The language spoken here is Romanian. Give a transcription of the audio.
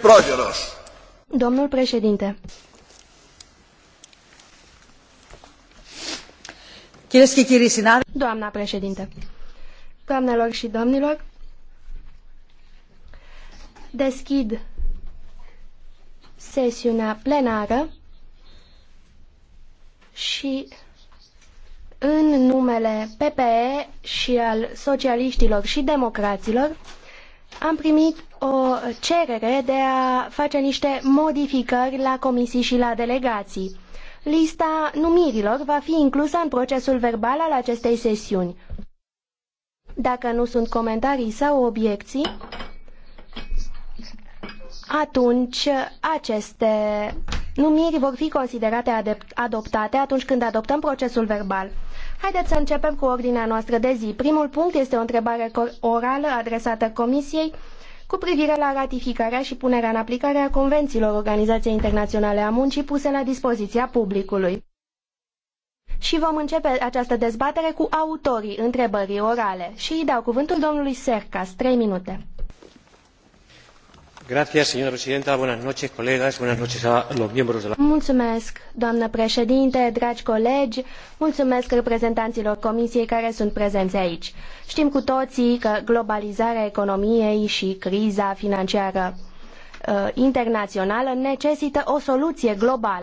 Progeros. Domnul președinte. Doamna președinte. Doamnelor și domnilor, deschid sesiunea plenară și în numele PPE și al socialiștilor și democraților am primit o cerere de a face niște modificări la comisii și la delegații. Lista numirilor va fi inclusă în procesul verbal al acestei sesiuni. Dacă nu sunt comentarii sau obiecții, atunci aceste numiri vor fi considerate adoptate atunci când adoptăm procesul verbal. Haideți să începem cu ordinea noastră de zi. Primul punct este o întrebare orală adresată Comisiei cu privire la ratificarea și punerea în aplicare a convențiilor Organizației Internaționale a Muncii puse la dispoziția publicului. Și vom începe această dezbatere cu autorii întrebării orale și îi dau cuvântul domnului Sercas, 3 minute. Mulțumesc, doamnă președinte, dragi colegi, mulțumesc reprezentanților comisiei care sunt prezenți aici. Știm cu toții că globalizarea economiei și criza financiară uh, internațională necesită o soluție globală.